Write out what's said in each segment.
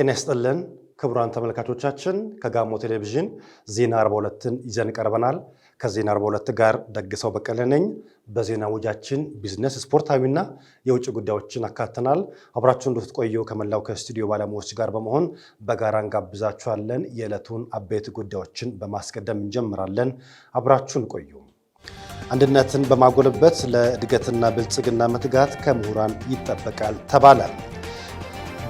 ጤና ይስጥልን ክቡራን ተመልካቾቻችን፣ ከጋሞ ቴሌቪዥን ዜና 42ን ይዘን ቀርበናል። ከዜና 42 ጋር ደግሰው በቀለ ነኝ። በዜና ውጃችን ቢዝነስ፣ ስፖርታዊና የውጭ ጉዳዮችን አካተናል። አብራችሁ እንድትቆዩ ከመላው ከስቱዲዮ ባለሙያዎች ጋር በመሆን በጋራ እንጋብዛችኋለን። የዕለቱን አበይት ጉዳዮችን በማስቀደም እንጀምራለን። አብራችሁን ቆዩ። አንድነትን በማጎልበት ለእድገትና ብልጽግና መትጋት ከምሁራን ይጠበቃል ተባላል።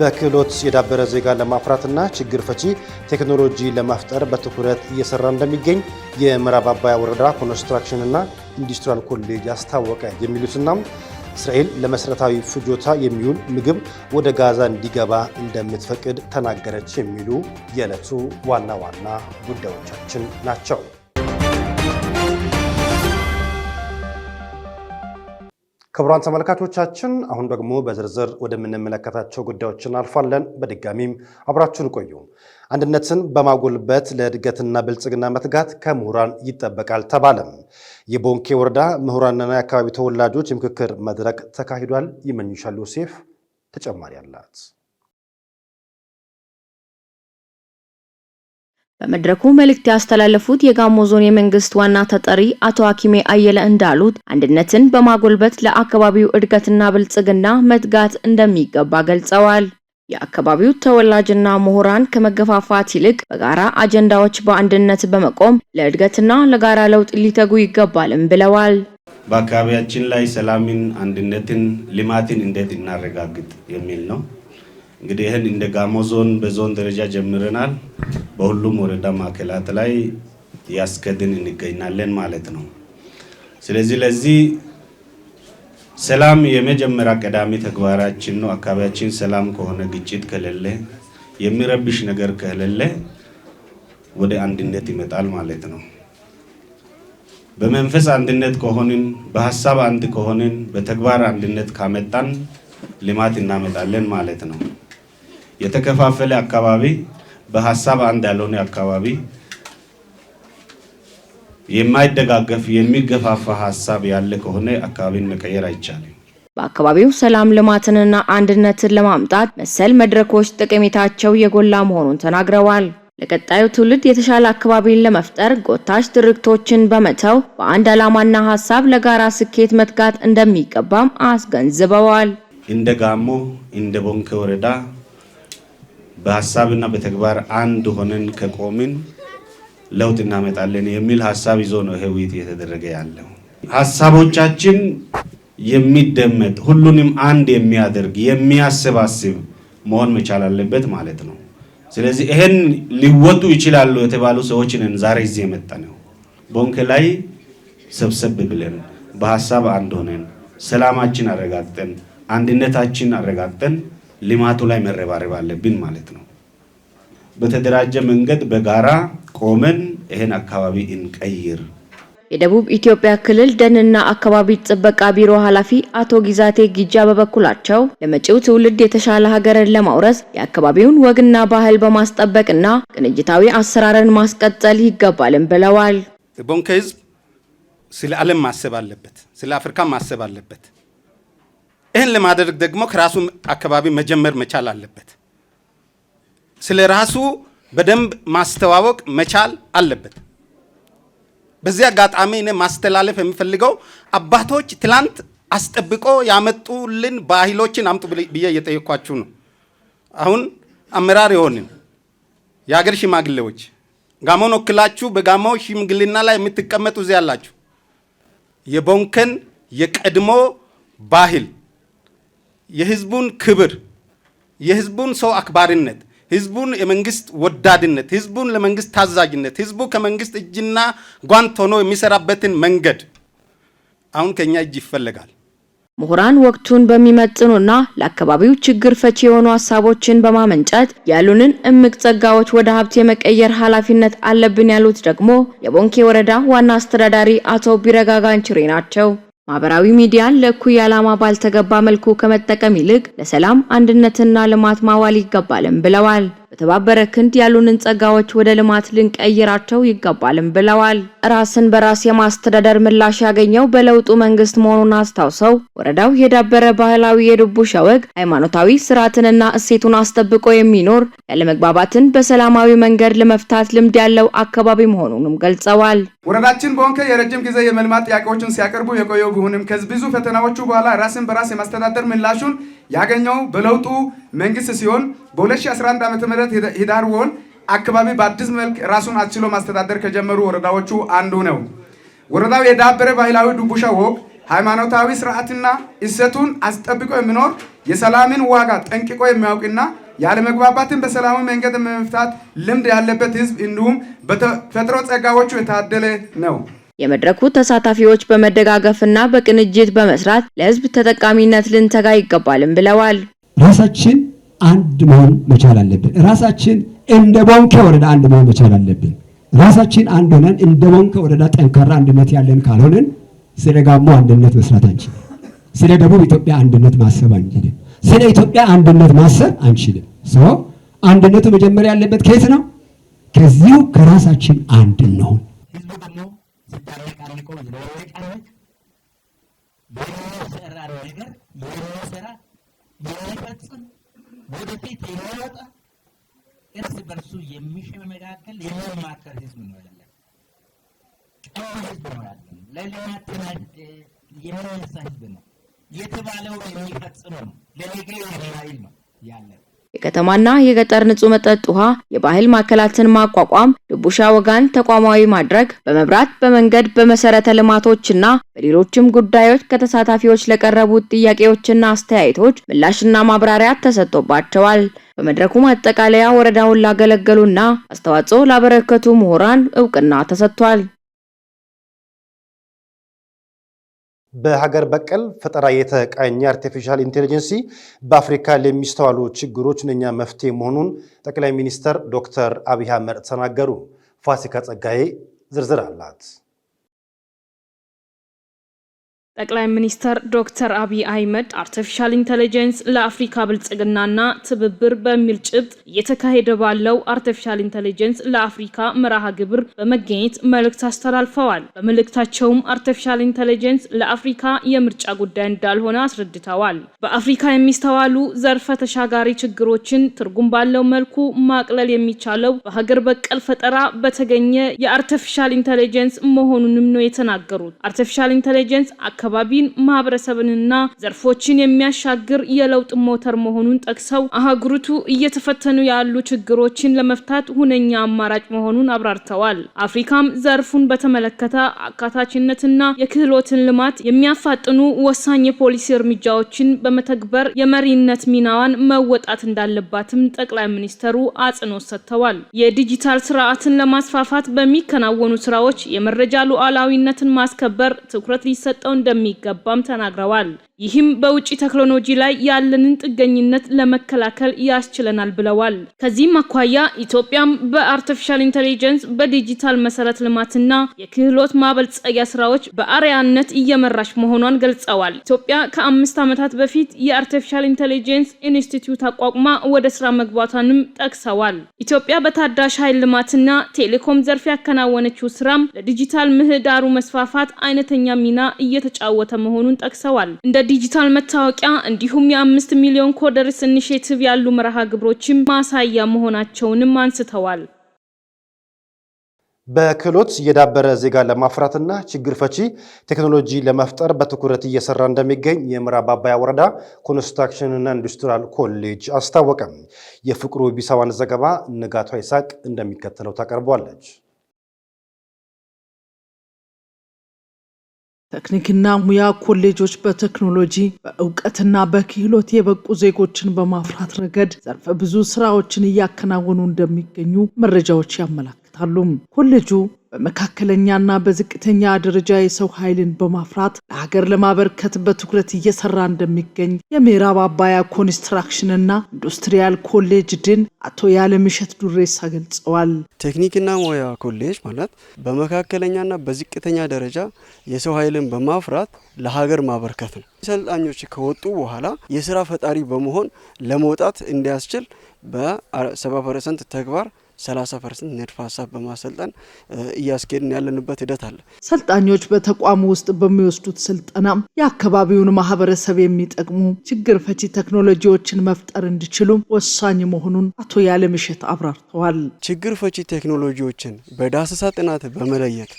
በክህሎት የዳበረ ዜጋ ለማፍራትና ችግር ፈቺ ቴክኖሎጂ ለማፍጠር በትኩረት እየሰራ እንደሚገኝ የምዕራብ አባያ ወረዳ ኮንስትራክሽንና ኢንዱስትሪያል ኮሌጅ አስታወቀ። የሚሉትና እስራኤል ለመሰረታዊ ፍጆታ የሚውል ምግብ ወደ ጋዛ እንዲገባ እንደምትፈቅድ ተናገረች። የሚሉ የዕለቱ ዋና ዋና ጉዳዮቻችን ናቸው። ክቡራን ተመልካቾቻችን አሁን ደግሞ በዝርዝር ወደምንመለከታቸው ጉዳዮች እናልፋለን። በድጋሚም አብራችሁን ቆዩ። አንድነትን በማጎልበት ለእድገትና ብልጽግና መትጋት ከምሁራን ይጠበቃል ተባለም። የቦንኬ ወረዳ ምሁራንና የአካባቢ ተወላጆች የምክክር መድረክ ተካሂዷል። ይመኙሻል ዮሴፍ ተጨማሪ አላት። በመድረኩ መልእክት ያስተላለፉት የጋሞ ዞን የመንግስት ዋና ተጠሪ አቶ ሀኪሜ አየለ እንዳሉት አንድነትን በማጎልበት ለአካባቢው እድገትና ብልጽግና መትጋት እንደሚገባ ገልጸዋል። የአካባቢው ተወላጅና ምሁራን ከመገፋፋት ይልቅ በጋራ አጀንዳዎች በአንድነት በመቆም ለእድገትና ለጋራ ለውጥ ሊተጉ ይገባልም ብለዋል። በአካባቢያችን ላይ ሰላምን፣ አንድነትን፣ ልማትን እንዴት እናረጋግጥ የሚል ነው እንግዲህ ይህን እንደ ጋሞ ዞን በዞን ደረጃ ጀምረናል። በሁሉም ወረዳ ማዕከላት ላይ ያስከድን እንገኛለን ማለት ነው። ስለዚህ ለዚህ ሰላም የመጀመሪያ ቀዳሚ ተግባራችን ነው። አካባቢያችን ሰላም ከሆነ ግጭት ከሌለ፣ የሚረብሽ ነገር ከሌለ ወደ አንድነት ይመጣል ማለት ነው። በመንፈስ አንድነት ከሆንን፣ በሀሳብ አንድ ከሆንን፣ በተግባር አንድነት ካመጣን ልማት እናመጣለን ማለት ነው። የተከፋፈለ አካባቢ፣ በሀሳብ አንድ ያልሆነ አካባቢ፣ የማይደጋገፍ የሚገፋፋ ሀሳብ ያለ ከሆነ አካባቢን መቀየር አይቻልም። በአካባቢው ሰላም ልማትንና አንድነትን ለማምጣት መሰል መድረኮች ጠቀሜታቸው የጎላ መሆኑን ተናግረዋል። ለቀጣዩ ትውልድ የተሻለ አካባቢን ለመፍጠር ጎታች ድርክቶችን በመተው በአንድ ዓላማና ሀሳብ ለጋራ ስኬት መትጋት እንደሚገባም አስገንዝበዋል። እንደ ጋሞ እንደ ቦንኬ ወረዳ በሀሳብና በተግባር አንድ ሆነን ከቆምን ለውጥ እናመጣለን የሚል ሀሳብ ይዞ ነው ይሄ ውይይት እየተደረገ ያለው። ሀሳቦቻችን የሚደመጥ ሁሉንም አንድ የሚያደርግ የሚያሰባስብ መሆን መቻል አለበት ማለት ነው። ስለዚህ ይሄን ሊወጡ ይችላሉ የተባሉ ሰዎች ዛሬ እዚህ የመጣ ነው። ቦንክ ላይ ሰብሰብ ብለን በሀሳብ አንድ ሆነን ሰላማችን አረጋግጠን አንድነታችን አረጋግጠን ልማቱ ላይ መረባረብ አለብን ማለት ነው። በተደራጀ መንገድ በጋራ ቆመን ይህን አካባቢ እንቀይር። የደቡብ ኢትዮጵያ ክልል ደንና አካባቢ ጥበቃ ቢሮ ኃላፊ አቶ ጊዛቴ ጊጃ በበኩላቸው ለመጪው ትውልድ የተሻለ ሀገርን ለማውረስ የአካባቢውን ወግና ባህል በማስጠበቅና ቅንጅታዊ አሰራርን ማስቀጠል ይገባልን ብለዋል። ቦንከ ህዝብ ስለ ዓለም ማሰብ አለበት፣ ስለ አፍሪካ ማሰብ አለበት። ይህን ለማድረግ ደግሞ ከራሱ አካባቢ መጀመር መቻል አለበት። ስለ ራሱ በደንብ ማስተዋወቅ መቻል አለበት። በዚህ አጋጣሚ እኔ ማስተላለፍ የሚፈልገው አባቶች ትላንት አስጠብቆ ያመጡልን ባህሎችን አምጡ ብዬ እየጠየኳችሁ ነው። አሁን አመራር የሆንን የሀገር ሽማግሌዎች ጋሞን ወክላችሁ በጋሞ ሽምግልና ላይ የምትቀመጡ እዚህ ያላችሁ የቦንከን የቀድሞ ባህል የህዝቡን ክብር፣ የህዝቡን ሰው አክባሪነት፣ ህዝቡን የመንግስት ወዳድነት፣ ህዝቡን ለመንግስት ታዛዥነት፣ ህዝቡ ከመንግስት እጅና ጓንት ሆኖ የሚሰራበትን መንገድ አሁን ከኛ እጅ ይፈለጋል። ምሁራን ወቅቱን በሚመጥኑና ለአካባቢው ችግር ፈቺ የሆኑ ሀሳቦችን በማመንጨት ያሉንን እምቅ ጸጋዎች ወደ ሀብት የመቀየር ኃላፊነት አለብን ያሉት ደግሞ የቦንኬ ወረዳ ዋና አስተዳዳሪ አቶ ቢረጋጋንችሬ ናቸው። ማህበራዊ ሚዲያን ለእኩይ ዓላማ ባልተገባ መልኩ ከመጠቀም ይልቅ ለሰላም አንድነትና ልማት ማዋል ይገባልም ብለዋል። በተባበረ ክንድ ያሉንን ጸጋዎች ወደ ልማት ልንቀይራቸው ይገባልም ብለዋል። ራስን በራስ የማስተዳደር ምላሽ ያገኘው በለውጡ መንግስት መሆኑን አስታውሰው ወረዳው የዳበረ ባህላዊ የዱቡ ሸወግ ሃይማኖታዊ ስርዓትንና እሴቱን አስጠብቆ የሚኖር ያለመግባባትን በሰላማዊ መንገድ ለመፍታት ልምድ ያለው አካባቢ መሆኑንም ገልጸዋል። ወረዳችን በሆንከ የረጅም ጊዜ የመልማት ጥያቄዎችን ሲያቀርቡ የቆየው ቢሆንም ከዚህ ብዙ ፈተናዎቹ በኋላ ራስን በራስ የማስተዳደር ምላሹን ያገኘው በለውጡ መንግስት ሲሆን በ2011 ዓ ም ህዳር ወር አካባቢ በአዲስ መልክ ራሱን አስችሎ ማስተዳደር ከጀመሩ ወረዳዎቹ አንዱ ነው። ወረዳው የዳበረ ባህላዊ ዱቡሻ ወግ፣ ሃይማኖታዊ ስርዓትና እሰቱን አስጠብቆ የሚኖር የሰላምን ዋጋ ጠንቅቆ የሚያውቅና ያለመግባባትን በሰላማዊ መንገድ መፍታት ልምድ ያለበት ህዝብ እንዲሁም በተፈጥሮ ጸጋዎቹ የታደለ ነው። የመድረኩ ተሳታፊዎች በመደጋገፍና በቅንጅት በመስራት ለህዝብ ተጠቃሚነት ልንተጋ ይገባልም ብለዋል። ራሳችን አንድ መሆን መቻል አለብን። ራሳችን እንደ ቦንኬ ወረዳ አንድ መሆን መቻል አለብን። ራሳችን አንድ ሆነን እንደ ቦንኬ ወረዳ ጠንካራ አንድነት ያለን ካልሆንን ስለ ጋሞ አንድነት መስራት አንችልም። ስለ ደቡብ ኢትዮጵያ አንድነት ማሰብ አንችልም። ስለ ኢትዮጵያ አንድነት ማሰብ አንችልም። ሰው አንድነቱ መጀመሪያ ያለበት ከየት ነው? ከዚሁ ከራሳችን አንድ እንሆን። ስታለቅ አልቆ የሚሰራ ነገር የሚሰራ የሚፈጽም ወደፊት የሚወጣ እርስ በርሱ የሚሸመጋገል የሚማከር ህዝብ እንሆናለን። ቀይ ህዝብ እንሆናለን። ለልማት የሚነሳ ህዝብ ነው። የተባለው የሚፈጽመው ነው። ለነገ የሚያይል ነው ያለን የከተማና የገጠር ንጹህ መጠጥ ውሃ፣ የባህል ማዕከላትን ማቋቋም፣ ድቡሻ ወጋን ተቋማዊ ማድረግ፣ በመብራት በመንገድ በመሰረተ ልማቶችና በሌሎችም ጉዳዮች ከተሳታፊዎች ለቀረቡት ጥያቄዎችና አስተያየቶች ምላሽና ማብራሪያ ተሰጥቶባቸዋል። በመድረኩ ማጠቃለያ ወረዳውን ላገለገሉና አስተዋጽኦ ላበረከቱ ምሁራን እውቅና ተሰጥቷል። በሀገር በቀል ፈጠራ የተቃኘ አርቲፊሻል ኢንቴሊጀንሲ በአፍሪካ ለሚስተዋሉ ችግሮች ነኛ መፍትሄ መሆኑን ጠቅላይ ሚኒስትር ዶክተር አብይ አህመድ ተናገሩ። ፋሲካ ጸጋዬ ዝርዝር አላት። ጠቅላይ ሚኒስትር ዶክተር አብይ አህመድ አርቲፊሻል ኢንተለጀንስ ለአፍሪካ ብልጽግናና ትብብር በሚል ጭብጥ እየተካሄደ ባለው አርቲፊሻል ኢንተለጀንስ ለአፍሪካ መርሃ ግብር በመገኘት መልእክት አስተላልፈዋል። በመልእክታቸውም አርቲፊሻል ኢንተለጀንስ ለአፍሪካ የምርጫ ጉዳይ እንዳልሆነ አስረድተዋል። በአፍሪካ የሚስተዋሉ ዘርፈ ተሻጋሪ ችግሮችን ትርጉም ባለው መልኩ ማቅለል የሚቻለው በሀገር በቀል ፈጠራ በተገኘ የአርቲፊሻል ኢንተለጀንስ መሆኑንም ነው የተናገሩት። አርቲፊሻል ኢንተለጀንስ አካ አካባቢን ማህበረሰብንና ዘርፎችን የሚያሻግር የለውጥ ሞተር መሆኑን ጠቅሰው አህጉሪቱ እየተፈተኑ ያሉ ችግሮችን ለመፍታት ሁነኛ አማራጭ መሆኑን አብራርተዋል። አፍሪካም ዘርፉን በተመለከተ አካታችነትና የክህሎትን ልማት የሚያፋጥኑ ወሳኝ የፖሊሲ እርምጃዎችን በመተግበር የመሪነት ሚናዋን መወጣት እንዳለባትም ጠቅላይ ሚኒስተሩ አጽንኦት ሰጥተዋል። የዲጂታል ስርዓትን ለማስፋፋት በሚከናወኑ ስራዎች የመረጃ ሉዓላዊነትን ማስከበር ትኩረት ሊሰጠው እንደ እንደሚገባም ተናግረዋል። ይህም በውጭ ቴክኖሎጂ ላይ ያለንን ጥገኝነት ለመከላከል ያስችለናል ብለዋል። ከዚህም አኳያ ኢትዮጵያም በአርቲፊሻል ኢንቴሊጀንስ በዲጂታል መሰረት ልማትና የክህሎት ማበልጸጊያ ስራዎች በአርያነት እየመራች መሆኗን ገልጸዋል። ኢትዮጵያ ከአምስት ዓመታት በፊት የአርቲፊሻል ኢንቴሊጀንስ ኢንስቲትዩት አቋቁማ ወደ ስራ መግባቷንም ጠቅሰዋል። ኢትዮጵያ በታዳሽ ኃይል ልማትና ቴሌኮም ዘርፍ ያከናወነችው ስራም ለዲጂታል ምህዳሩ መስፋፋት አይነተኛ ሚና እየተጫወተ መሆኑን ጠቅሰዋል። እንደ የዲጂታል መታወቂያ እንዲሁም የአምስት ሚሊዮን ኮደርስ ኢኒሼቲቭ ያሉ መርሃ ግብሮችም ማሳያ መሆናቸውንም አንስተዋል። በክህሎት የዳበረ ዜጋ ለማፍራትና ችግር ፈቺ ቴክኖሎጂ ለመፍጠር በትኩረት እየሰራ እንደሚገኝ የምዕራብ አባያ ወረዳ ኮንስትራክሽንና ኢንዱስትሪያል ኮሌጅ አስታወቀም። የፍቅሩ ቢሳዋን ዘገባ ንጋቷ ይሳቅ እንደሚከተለው ታቀርበዋለች። ቴክኒክና ሙያ ኮሌጆች በቴክኖሎጂ በእውቀትና በክህሎት የበቁ ዜጎችን በማፍራት ረገድ ዘርፈ ብዙ ስራዎችን እያከናወኑ እንደሚገኙ መረጃዎች ያመላክታል። ያበረታሉም። ኮሌጁ በመካከለኛና በዝቅተኛ ደረጃ የሰው ኃይልን በማፍራት ለሀገር ለማበርከት በትኩረት እየሰራ እንደሚገኝ የምዕራብ አባያ ኮንስትራክሽንና ኢንዱስትሪያል ኮሌጅ ድን አቶ ያለምሸት ዱሬሳ ገልጸዋል። ቴክኒክና ሙያ ኮሌጅ ማለት በመካከለኛና በዝቅተኛ ደረጃ የሰው ኃይልን በማፍራት ለሀገር ማበርከት ነው። ሰልጣኞች ከወጡ በኋላ የስራ ፈጣሪ በመሆን ለመውጣት እንዲያስችል በ ፐርሰንት ተግባር ሰላሳ ፐርሰንት ንድፈ ሀሳብ በማሰልጠን እያስኬድን ያለንበት ሂደት አለ። ሰልጣኞች በተቋሙ ውስጥ በሚወስዱት ስልጠና የአካባቢውን ማህበረሰብ የሚጠቅሙ ችግር ፈቺ ቴክኖሎጂዎችን መፍጠር እንዲችሉ ወሳኝ መሆኑን አቶ ያለምሸት አብራርተዋል። ችግር ፈቺ ቴክኖሎጂዎችን በዳሰሳ ጥናት በመለየት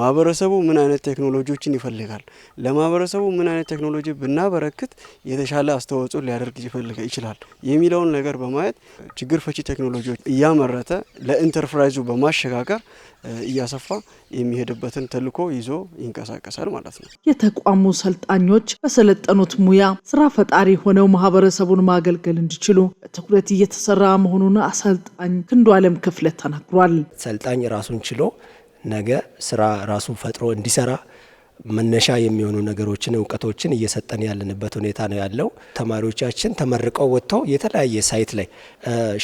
ማህበረሰቡ ምን አይነት ቴክኖሎጂዎችን ይፈልጋል፣ ለማህበረሰቡ ምን አይነት ቴክኖሎጂ ብናበረክት የተሻለ አስተዋጽኦ ሊያደርግ ይችላል የሚለውን ነገር በማየት ችግር ፈቺ ቴክኖሎጂዎች እያመረተ ለኢንተርፕራይዙ በማሸጋገር እያሰፋ የሚሄድበትን ተልዕኮ ይዞ ይንቀሳቀሳል ማለት ነው። የተቋሙ ሰልጣኞች በሰለጠኑት ሙያ ስራ ፈጣሪ ሆነው ማህበረሰቡን ማገልገል እንዲችሉ በትኩረት እየተሰራ መሆኑን አሰልጣኝ ክንዱ አለም ክፍለ ተናግሯል። ሰልጣኝ ራሱን ችሎ ነገ ስራ ራሱን ፈጥሮ እንዲሰራ መነሻ የሚሆኑ ነገሮችን እውቀቶችን እየሰጠን ያለንበት ሁኔታ ነው ያለው። ተማሪዎቻችን ተመርቀው ወጥተው የተለያየ ሳይት ላይ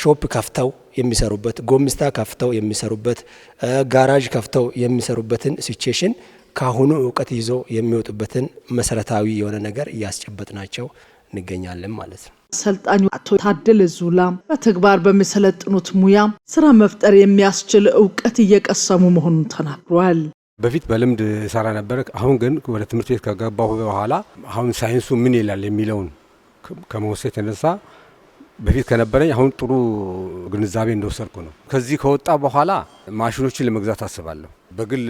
ሾፕ ከፍተው የሚሰሩበት፣ ጎሚስታ ከፍተው የሚሰሩበት፣ ጋራዥ ከፍተው የሚሰሩበትን ሲቹዌሽን ካሁኑ እውቀት ይዞ የሚወጡበትን መሰረታዊ የሆነ ነገር እያስጨበጥናቸው እንገኛለን ማለት ነው። አሰልጣኙ አቶ ታደለ ዙላ በተግባር በሚሰለጥኑት ሙያ ስራ መፍጠር የሚያስችል እውቀት እየቀሰሙ መሆኑን ተናግሯል። በፊት በልምድ ሰራ ነበር። አሁን ግን ወደ ትምህርት ቤት ከገባሁ በኋላ አሁን ሳይንሱ ምን ይላል የሚለውን ከመወሰድ የተነሳ በፊት ከነበረኝ አሁን ጥሩ ግንዛቤ እንደወሰድኩ ነው። ከዚህ ከወጣ በኋላ ማሽኖችን ለመግዛት አስባለሁ። በግል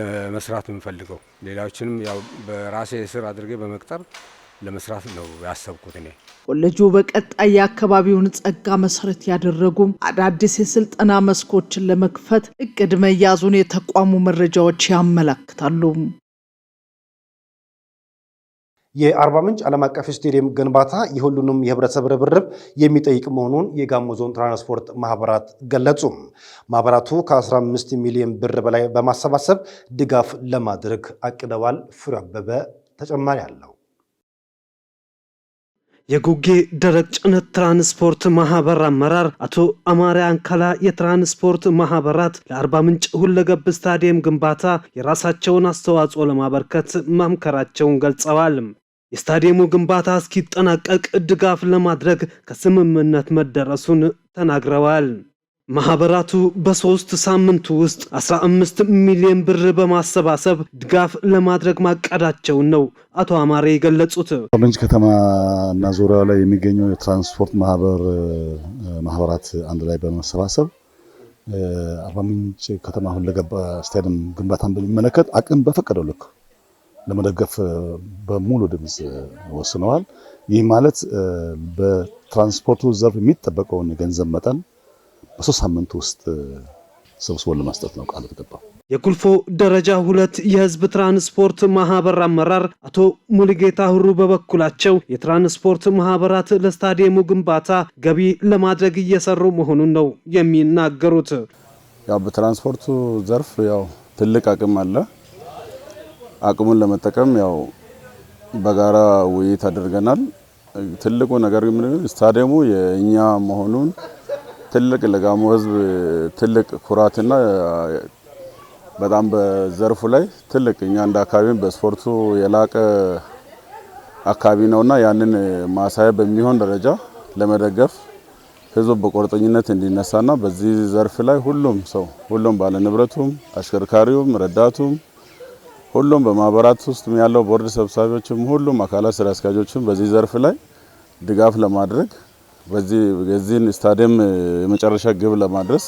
ለመስራት የምፈልገው ሌላዎችንም ያው በራሴ ስር አድርጌ በመቅጠር ለመስራት ነው ያሰብኩት እኔ ኮሌጁ በቀጣይ የአካባቢውን ጸጋ መሰረት ያደረጉም አዳዲስ የስልጠና መስኮችን ለመክፈት እቅድ መያዙን የተቋሙ መረጃዎች ያመላክታሉ። የአርባ ምንጭ ዓለም አቀፍ ስቴዲየም ግንባታ የሁሉንም የህብረተሰብ ርብርብ የሚጠይቅ መሆኑን የጋሞ ዞን ትራንስፖርት ማህበራት ገለጹ። ማህበራቱ ከ15 ሚሊዮን ብር በላይ በማሰባሰብ ድጋፍ ለማድረግ አቅደዋል። ፍሬ አበበ ተጨማሪ አለው። የጉጌ ደረቅ ጭነት ትራንስፖርት ማህበር አመራር አቶ አማሪ አንካላ የትራንስፖርት ማህበራት ለአርባ ምንጭ ሁለገብ ስታዲየም ግንባታ የራሳቸውን አስተዋጽኦ ለማበርከት ማምከራቸውን ገልጸዋል። የስታዲየሙ ግንባታ እስኪጠናቀቅ ድጋፍ ለማድረግ ከስምምነት መደረሱን ተናግረዋል። ማህበራቱ በሶስት ሳምንቱ ውስጥ 15 ሚሊዮን ብር በማሰባሰብ ድጋፍ ለማድረግ ማቀዳቸውን ነው አቶ አማሬ የገለጹት። ኮሎንጅ ከተማ እና ዙሪያው ላይ የሚገኙ የትራንስፖርት ማህበር ማህበራት አንድ ላይ በመሰባሰብ አርባ ምንጭ ከተማ አሁን ለገባ ስታዲየም ግንባታን በሚመለከት አቅም በፈቀደው ልክ ለመደገፍ በሙሉ ድምፅ ወስነዋል። ይህ ማለት በትራንስፖርቱ ዘርፍ የሚጠበቀውን የገንዘብ መጠን በሶስት ሳምንት ውስጥ ሰብስቦ ለመስጠት ነው ቃል የተገባው። የኩልፎ ደረጃ ሁለት የህዝብ ትራንስፖርት ማህበር አመራር አቶ ሙልጌታ ሁሩ በበኩላቸው የትራንስፖርት ማህበራት ለስታዲየሙ ግንባታ ገቢ ለማድረግ እየሰሩ መሆኑን ነው የሚናገሩት። ያው በትራንስፖርቱ ዘርፍ ያው ትልቅ አቅም አለ። አቅሙን ለመጠቀም ያው በጋራ ውይይት አድርገናል። ትልቁ ነገር ምንድነው ስታዲየሙ የእኛ መሆኑን ትልቅ ለጋሞ ህዝብ ትልቅ ኩራትና በጣም በዘርፉ ላይ ትልቅ እኛ እንደ አካባቢም በስፖርቱ የላቀ አካባቢ ነውና ያንን ማሳያ በሚሆን ደረጃ ለመደገፍ ህዝቡ በቁርጠኝነት እንዲነሳና በዚህ ዘርፍ ላይ ሁሉም ሰው ሁሉም ባለንብረቱም፣ አሽከርካሪውም፣ ረዳቱም ሁሉም በማህበራት ውስጥ ያለው ቦርድ ሰብሳቢዎችም ሁሉም አካላት ስራ አስኪያጆችም በዚህ ዘርፍ ላይ ድጋፍ ለማድረግ በዚህ የዚህን ስታዲየም የመጨረሻ ግብ ለማድረስ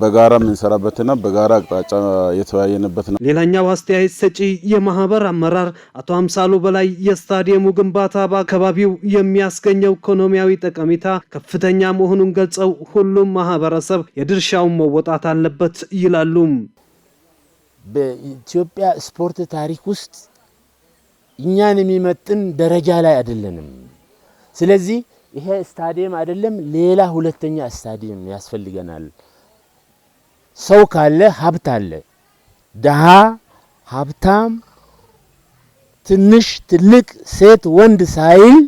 በጋራ የምንሰራበትና በጋራ አቅጣጫ የተወያየንበት ነው። ሌላኛው አስተያየት ሰጪ የማህበር አመራር አቶ አምሳሉ በላይ የስታዲየሙ ግንባታ በአካባቢው የሚያስገኘው ኢኮኖሚያዊ ጠቀሜታ ከፍተኛ መሆኑን ገልጸው ሁሉም ማህበረሰብ የድርሻውን መወጣት አለበት ይላሉ። በኢትዮጵያ ስፖርት ታሪክ ውስጥ እኛን የሚመጥን ደረጃ ላይ አይደለንም። ስለዚህ ይሄ ስታዲየም አይደለም፣ ሌላ ሁለተኛ ስታዲየም ያስፈልገናል። ሰው ካለ ሀብት አለ። ደሃ፣ ሀብታም፣ ትንሽ፣ ትልቅ፣ ሴት፣ ወንድ ሳይል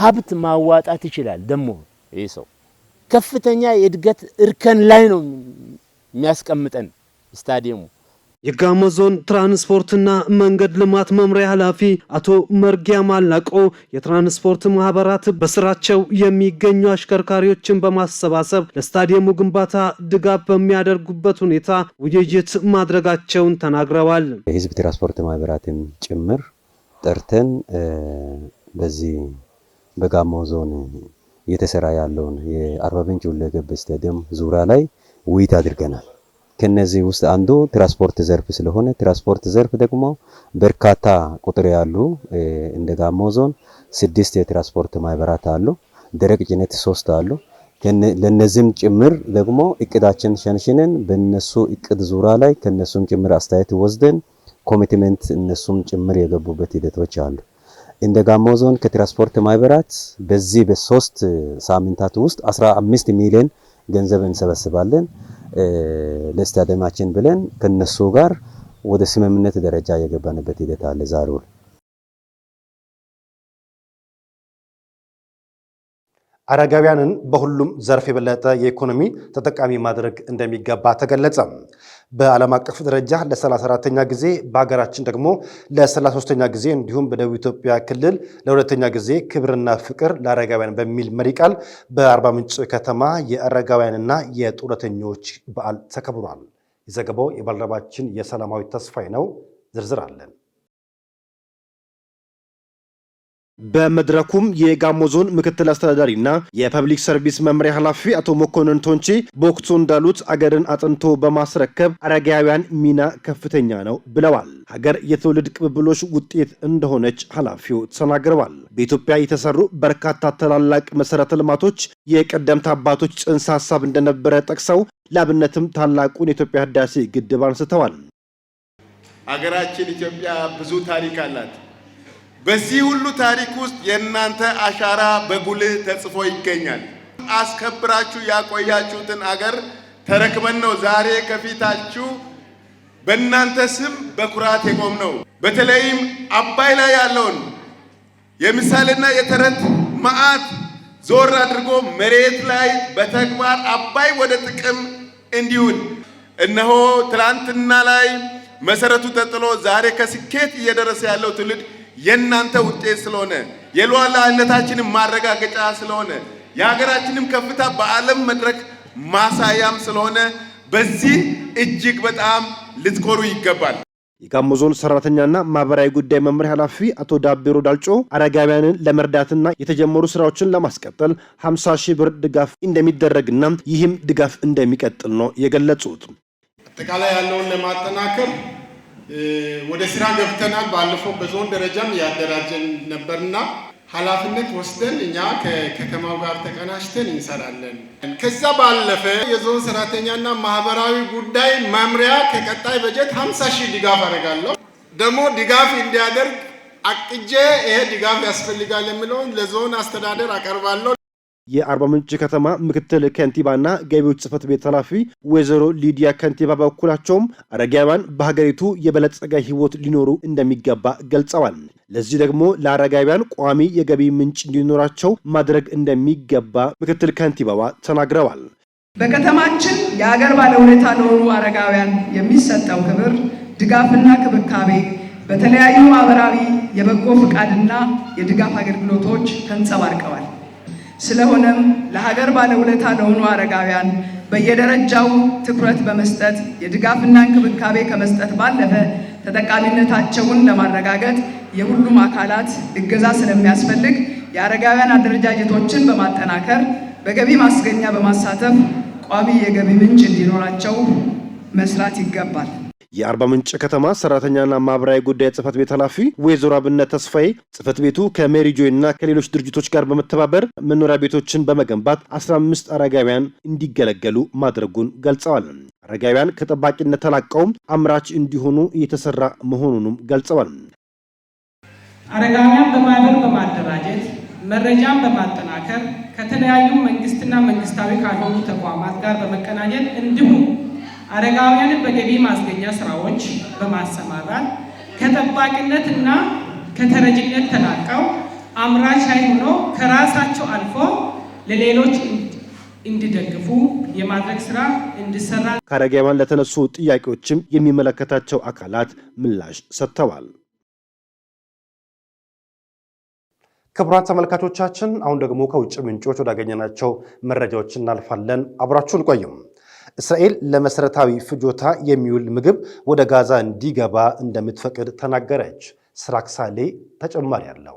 ሀብት ማዋጣት ይችላል። ደግሞ ይህ ሰው ከፍተኛ የእድገት እርከን ላይ ነው የሚያስቀምጠን ስታዲየሙ። የጋሞ ዞን ትራንስፖርትና መንገድ ልማት መምሪያ ኃላፊ አቶ መርጊያ ማላቆ የትራንስፖርት ማህበራት በስራቸው የሚገኙ አሽከርካሪዎችን በማሰባሰብ ለስታዲየሙ ግንባታ ድጋፍ በሚያደርጉበት ሁኔታ ውይይት ማድረጋቸውን ተናግረዋል። የህዝብ ትራንስፖርት ማህበራትን ጭምር ጠርተን በዚህ በጋሞ ዞን እየተሰራ ያለውን የአርባ ምንጭ ሁለገብ ስታዲየም ዙሪያ ላይ ውይይት አድርገናል። ከነዚህ ውስጥ አንዱ ትራንስፖርት ዘርፍ ስለሆነ ትራንስፖርት ዘርፍ ደግሞ በርካታ ቁጥር ያሉ እንደ ጋሞ ዞን ስድስት የትራንስፖርት ማህበራት አሉ። ደረቅ ጭነት ሶስት አሉ። ለነዚህም ጭምር ደግሞ እቅዳችን ሸንሽነን በነሱ እቅድ ዙራ ላይ ከነሱም ጭምር አስተያየት ወስደን ኮሚትመንት እነሱም ጭምር የገቡበት ሂደቶች አሉ። እንደ ጋሞ ዞን ከትራንስፖርት ማህበራት በዚህ በሶስት ሳምንታት ውስጥ 15 ሚሊዮን ገንዘብ እንሰበስባለን። ለስታደማችን ብለን ከነሱ ጋር ወደ ስምምነት ደረጃ የገባንበት ሂደት አለ ዛሬው አረጋውያንን በሁሉም ዘርፍ የበለጠ የኢኮኖሚ ተጠቃሚ ማድረግ እንደሚገባ ተገለጸ። በዓለም አቀፍ ደረጃ ለ34ተኛ ጊዜ በሀገራችን ደግሞ ለ33ተኛ ጊዜ እንዲሁም በደቡብ ኢትዮጵያ ክልል ለሁለተኛ ጊዜ ክብርና ፍቅር ለአረጋውያን በሚል መሪ ቃል በአርባ ምንጭ ከተማ የአረጋውያንና የጡረተኞች በዓል ተከብሯል። የዘገባው የባልደረባችን የሰላማዊ ተስፋዬ ነው። ዝርዝር አለን። በመድረኩም የጋሞ ዞን ምክትል አስተዳዳሪ እና የፐብሊክ ሰርቪስ መምሪያ ኃላፊ አቶ መኮንን ቶንቺ በወቅቱ እንዳሉት አገርን አጥንቶ በማስረከብ አረጋውያን ሚና ከፍተኛ ነው ብለዋል። ሀገር የትውልድ ቅብብሎች ውጤት እንደሆነች ኃላፊው ተናግረዋል። በኢትዮጵያ የተሰሩ በርካታ ታላላቅ መሰረተ ልማቶች የቀደምት አባቶች ጽንሰ ሀሳብ እንደነበረ ጠቅሰው ለአብነትም ታላቁን የኢትዮጵያ ህዳሴ ግድብ አንስተዋል። አገራችን ኢትዮጵያ ብዙ ታሪክ አላት። በዚህ ሁሉ ታሪክ ውስጥ የእናንተ አሻራ በጉልህ ተጽፎ ይገኛል። አስከብራችሁ ያቆያችሁትን አገር ተረክበን ነው ዛሬ ከፊታችሁ በእናንተ ስም በኩራት የቆም ነው። በተለይም አባይ ላይ ያለውን የምሳሌና የተረት መዓት ዞር አድርጎ መሬት ላይ በተግባር አባይ ወደ ጥቅም እንዲውል እነሆ ትላንትና ላይ መሰረቱ ተጥሎ ዛሬ ከስኬት እየደረሰ ያለው ትውልድ የእናንተ ውጤት ስለሆነ የሉዓላዊነታችንን ማረጋገጫ ስለሆነ የሀገራችንም ከፍታ በዓለም መድረክ ማሳያም ስለሆነ በዚህ እጅግ በጣም ልትኮሩ ይገባል። የጋሞ ዞን ሰራተኛና ማህበራዊ ጉዳይ መምሪያ ኃላፊ አቶ ዳቢሮ ዳልጮ አረጋውያንን ለመርዳትና የተጀመሩ ስራዎችን ለማስቀጠል 50 ሺህ ብር ድጋፍ እንደሚደረግና ይህም ድጋፍ እንደሚቀጥል ነው የገለጹት። አጠቃላይ ያለውን ለማጠናከር ወደ ስራ ገብተናል። ባለፈው በዞን ደረጃም ያደራጀን ነበርና ኃላፊነት ወስደን እኛ ከከተማው ጋር ተቀናጅተን እንሰራለን። ከዛ ባለፈ የዞን ሰራተኛና ማህበራዊ ጉዳይ መምሪያ ከቀጣይ በጀት 50 ሺህ ድጋፍ አደርጋለሁ። ደግሞ ድጋፍ እንዲያደርግ አቅጄ ይሄ ድጋፍ ያስፈልጋል የሚለውን ለዞን አስተዳደር አቀርባለሁ። የአርባ ምንጭ ከተማ ምክትል ከንቲባና ገቢዎች ጽህፈት ቤት ኃላፊ ወይዘሮ ሊዲያ ከንቲባ በበኩላቸውም አረጋውያን በሀገሪቱ የበለጸገ ህይወት ሊኖሩ እንደሚገባ ገልጸዋል። ለዚህ ደግሞ ለአረጋውያን ቋሚ የገቢ ምንጭ እንዲኖራቸው ማድረግ እንደሚገባ ምክትል ከንቲባዋ ተናግረዋል። በከተማችን የአገር ባለውለታ ለሆኑ አረጋውያን የሚሰጠው ክብር፣ ድጋፍና ክብካቤ በተለያዩ ማህበራዊ የበጎ ፈቃድና የድጋፍ አገልግሎቶች ተንጸባርቀዋል። ስለሆነም ለሀገር ባለውለታ ለሆኑ አረጋውያን በየደረጃው ትኩረት በመስጠት የድጋፍና እንክብካቤ ከመስጠት ባለፈ ተጠቃሚነታቸውን ለማረጋገጥ የሁሉም አካላት እገዛ ስለሚያስፈልግ የአረጋውያን አደረጃጀቶችን በማጠናከር በገቢ ማስገኛ በማሳተፍ ቋሚ የገቢ ምንጭ እንዲኖራቸው መስራት ይገባል። የአርባ ምንጭ ከተማ ሰራተኛና ማህበራዊ ጉዳይ ጽህፈት ቤት ኃላፊ ወይዘሮ አብነት ተስፋዬ ጽህፈት ቤቱ ከሜሪጆይ እና ከሌሎች ድርጅቶች ጋር በመተባበር መኖሪያ ቤቶችን በመገንባት አምስት አረጋውያን እንዲገለገሉ ማድረጉን ገልጸዋል። አረጋውያን ከጠባቂነት ተላቀውም አምራች እንዲሆኑ እየተሰራ መሆኑንም ገልጸዋል። አረጋውያን በማህበር በማደራጀት መረጃን በማጠናከር ከተለያዩ መንግስትና መንግስታዊ ካልሆኑ ተቋማት ጋር በመቀናጀት እንዲሁም አረጋውያንን በገቢ ማስገኛ ስራዎች በማሰማራት ከጠባቂነት እና ከተረጅነት ተላቀው አምራች ኃይል ሆኖ ከራሳቸው አልፎ ለሌሎች እንዲደግፉ የማድረግ ስራ እንዲሰራ ከአረጋውያን ለተነሱ ጥያቄዎችም የሚመለከታቸው አካላት ምላሽ ሰጥተዋል። ክቡራን ተመልካቾቻችን አሁን ደግሞ ከውጭ ምንጮች ወዳገኘናቸው መረጃዎች እናልፋለን። አብራችሁን ቆዩም። እስራኤል ለመሰረታዊ ፍጆታ የሚውል ምግብ ወደ ጋዛ እንዲገባ እንደምትፈቅድ ተናገረች። ስራክሳሌ ተጨማሪ አለው።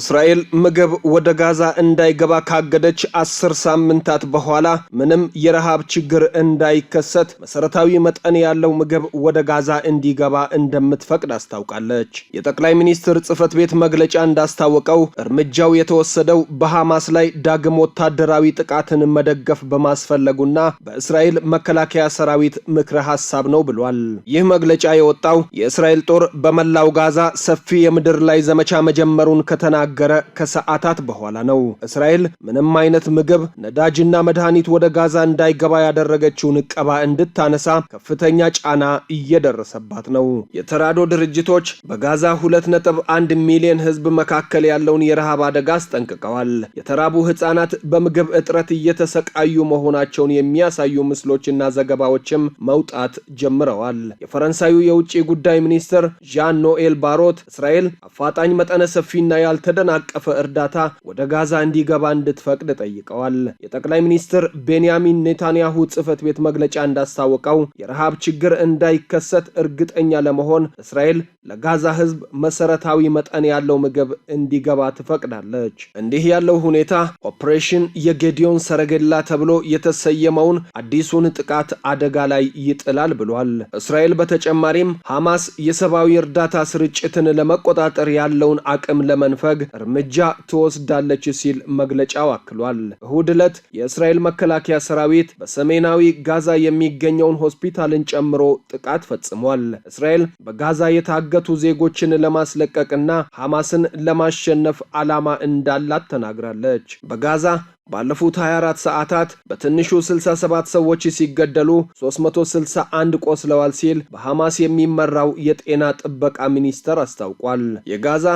እስራኤል ምግብ ወደ ጋዛ እንዳይገባ ካገደች አስር ሳምንታት በኋላ ምንም የረሃብ ችግር እንዳይከሰት መሰረታዊ መጠን ያለው ምግብ ወደ ጋዛ እንዲገባ እንደምትፈቅድ አስታውቃለች። የጠቅላይ ሚኒስትር ጽህፈት ቤት መግለጫ እንዳስታወቀው እርምጃው የተወሰደው በሐማስ ላይ ዳግም ወታደራዊ ጥቃትን መደገፍ በማስፈለጉና በእስራኤል መከላከያ ሰራዊት ምክረ ሐሳብ ነው ብሏል። ይህ መግለጫ የወጣው የእስራኤል ጦር በመላው ጋዛ ሰፊ የምድር ላይ ዘመቻ መጀመሩን ከተና ከተናገረ ከሰዓታት በኋላ ነው። እስራኤል ምንም አይነት ምግብ፣ ነዳጅና መድኃኒት ወደ ጋዛ እንዳይገባ ያደረገችውን እቀባ እንድታነሳ ከፍተኛ ጫና እየደረሰባት ነው። የተራዶ ድርጅቶች በጋዛ 2.1 ሚሊዮን ሕዝብ መካከል ያለውን የረሃብ አደጋ አስጠንቅቀዋል። የተራቡ ሕፃናት በምግብ እጥረት እየተሰቃዩ መሆናቸውን የሚያሳዩ ምስሎችና ዘገባዎችም መውጣት ጀምረዋል። የፈረንሳዩ የውጭ ጉዳይ ሚኒስትር ዣን ኖኤል ባሮት እስራኤል አፋጣኝ መጠነ ሰፊና ያልተ የተደናቀፈ እርዳታ ወደ ጋዛ እንዲገባ እንድትፈቅድ ጠይቀዋል። የጠቅላይ ሚኒስትር ቤንያሚን ኔታንያሁ ጽህፈት ቤት መግለጫ እንዳስታወቀው የረሃብ ችግር እንዳይከሰት እርግጠኛ ለመሆን እስራኤል ለጋዛ ህዝብ መሰረታዊ መጠን ያለው ምግብ እንዲገባ ትፈቅዳለች። እንዲህ ያለው ሁኔታ ኦፕሬሽን የጌዲዮን ሰረገላ ተብሎ የተሰየመውን አዲሱን ጥቃት አደጋ ላይ ይጥላል ብሏል። እስራኤል በተጨማሪም ሐማስ የሰብአዊ እርዳታ ስርጭትን ለመቆጣጠር ያለውን አቅም ለመንፈግ እርምጃ ትወስዳለች ሲል መግለጫው አክሏል። እሁድ ዕለት የእስራኤል መከላከያ ሰራዊት በሰሜናዊ ጋዛ የሚገኘውን ሆስፒታልን ጨምሮ ጥቃት ፈጽሟል። እስራኤል በጋዛ የታገቱ ዜጎችን ለማስለቀቅና ሐማስን ለማሸነፍ ዓላማ እንዳላት ተናግራለች። በጋዛ ባለፉት 24 ሰዓታት በትንሹ 67 ሰዎች ሲገደሉ 361 ቆስለዋል ሲል በሐማስ የሚመራው የጤና ጥበቃ ሚኒስቴር አስታውቋል። የጋዛ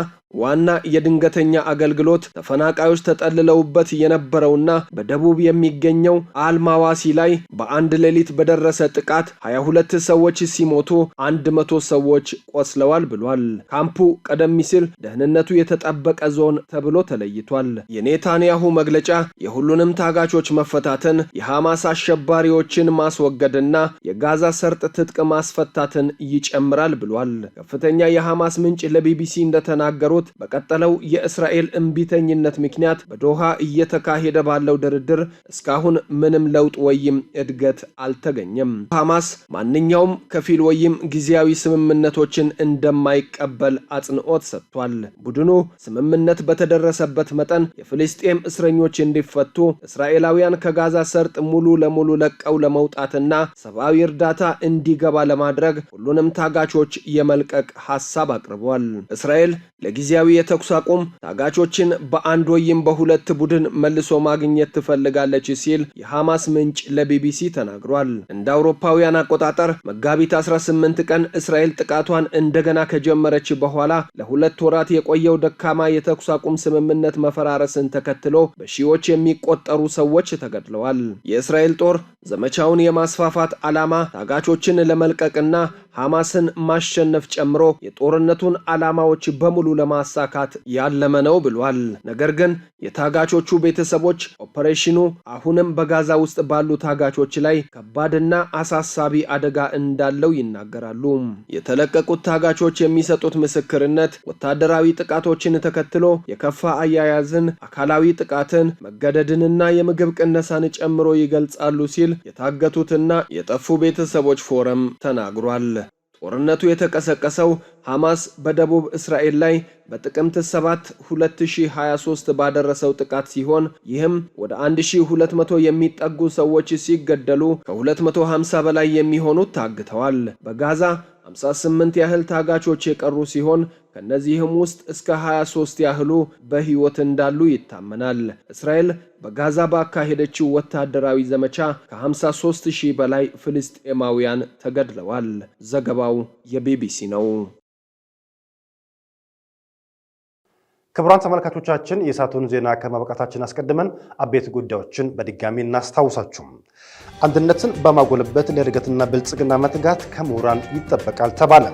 ዋና የድንገተኛ አገልግሎት ተፈናቃዮች ተጠልለውበት የነበረውና በደቡብ የሚገኘው አልማዋሲ ላይ በአንድ ሌሊት በደረሰ ጥቃት 22 ሰዎች ሲሞቱ 100 ሰዎች ቆስለዋል ብሏል። ካምፑ ቀደም ሲል ደህንነቱ የተጠበቀ ዞን ተብሎ ተለይቷል። የኔታንያሁ መግለጫ የሁሉንም ታጋቾች መፈታትን፣ የሐማስ አሸባሪዎችን ማስወገድና የጋዛ ሰርጥ ትጥቅ ማስፈታትን ይጨምራል ብሏል። ከፍተኛ የሐማስ ምንጭ ለቢቢሲ እንደተናገሩት በቀጠለው የእስራኤል እምቢተኝነት ምክንያት በዶሃ እየተካሄደ ባለው ድርድር እስካሁን ምንም ለውጥ ወይም እድገት አልተገኘም። ሐማስ ማንኛውም ከፊል ወይም ጊዜያዊ ስምምነቶችን እንደማይቀበል አጽንኦት ሰጥቷል። ቡድኑ ስምምነት በተደረሰበት መጠን የፍልስጤም እስረኞች እንዲ እንዲፈቱ እስራኤላውያን ከጋዛ ሰርጥ ሙሉ ለሙሉ ለቀው ለመውጣትና ሰብአዊ እርዳታ እንዲገባ ለማድረግ ሁሉንም ታጋቾች የመልቀቅ ሐሳብ አቅርቧል። እስራኤል ለጊዜያዊ የተኩስ አቁም ታጋቾችን በአንድ ወይም በሁለት ቡድን መልሶ ማግኘት ትፈልጋለች ሲል የሐማስ ምንጭ ለቢቢሲ ተናግሯል። እንደ አውሮፓውያን አቆጣጠር መጋቢት 18 ቀን እስራኤል ጥቃቷን እንደገና ከጀመረች በኋላ ለሁለት ወራት የቆየው ደካማ የተኩስ አቁም ስምምነት መፈራረስን ተከትሎ በሺዎች የሚቆጠሩ ሰዎች ተገድለዋል። የእስራኤል ጦር ዘመቻውን የማስፋፋት ዓላማ ታጋቾችን ለመልቀቅና ሐማስን ማሸነፍ ጨምሮ የጦርነቱን ዓላማዎች በሙሉ ለማሳካት ያለመ ነው ብሏል። ነገር ግን የታጋቾቹ ቤተሰቦች ኦፐሬሽኑ አሁንም በጋዛ ውስጥ ባሉ ታጋቾች ላይ ከባድና አሳሳቢ አደጋ እንዳለው ይናገራሉ። የተለቀቁት ታጋቾች የሚሰጡት ምስክርነት ወታደራዊ ጥቃቶችን ተከትሎ የከፋ አያያዝን፣ አካላዊ ጥቃትን፣ መገ መገደድንና የምግብ ቅነሳን ጨምሮ ይገልጻሉ ሲል የታገቱትና የጠፉ ቤተሰቦች ፎረም ተናግሯል። ጦርነቱ የተቀሰቀሰው ሐማስ በደቡብ እስራኤል ላይ በጥቅምት 7 2023 ባደረሰው ጥቃት ሲሆን ይህም ወደ 1200 የሚጠጉ ሰዎች ሲገደሉ ከ250 በላይ የሚሆኑት ታግተዋል። በጋዛ 58 ያህል ታጋቾች የቀሩ ሲሆን ከእነዚህም ውስጥ እስከ 23 ያህሉ በሕይወት እንዳሉ ይታመናል። እስራኤል በጋዛ ባካሄደችው ወታደራዊ ዘመቻ ከ53 ሺህ በላይ ፍልስጤማውያን ተገድለዋል። ዘገባው የቢቢሲ ነው። ክቡራን ተመልካቾቻችን የሳቱን ዜና ከማብቃታችን አስቀድመን አቤት ጉዳዮችን በድጋሚ እናስታውሳችሁ። አንድነትን በማጎልበት ለእድገትና ብልጽግና መትጋት ከምሁራን ይጠበቃል ተባለ።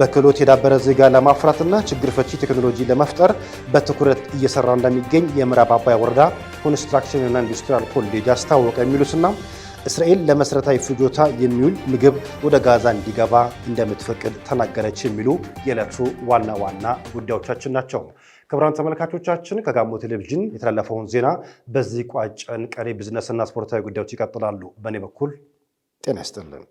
በክህሎት የዳበረ ዜጋ ለማፍራትና ችግር ፈቺ ቴክኖሎጂ ለመፍጠር በትኩረት እየሰራ እንደሚገኝ የምዕራብ አባያ ወረዳ ኮንስትራክሽንና ኢንዱስትሪያል ኮሌጅ አስታወቀ። የሚሉትና እስራኤል ለመሠረታዊ ፍጆታ የሚውል ምግብ ወደ ጋዛ እንዲገባ እንደምትፈቅድ ተናገረች የሚሉ የዕለቱ ዋና ዋና ጉዳዮቻችን ናቸው። ክቡራን ተመልካቾቻችን ከጋሞ ቴሌቪዥን የተላለፈውን ዜና በዚህ ቋጨን። ቀሪ ቢዝነስና ስፖርታዊ ጉዳዮች ይቀጥላሉ። በእኔ በኩል ጤና ይስጥልን።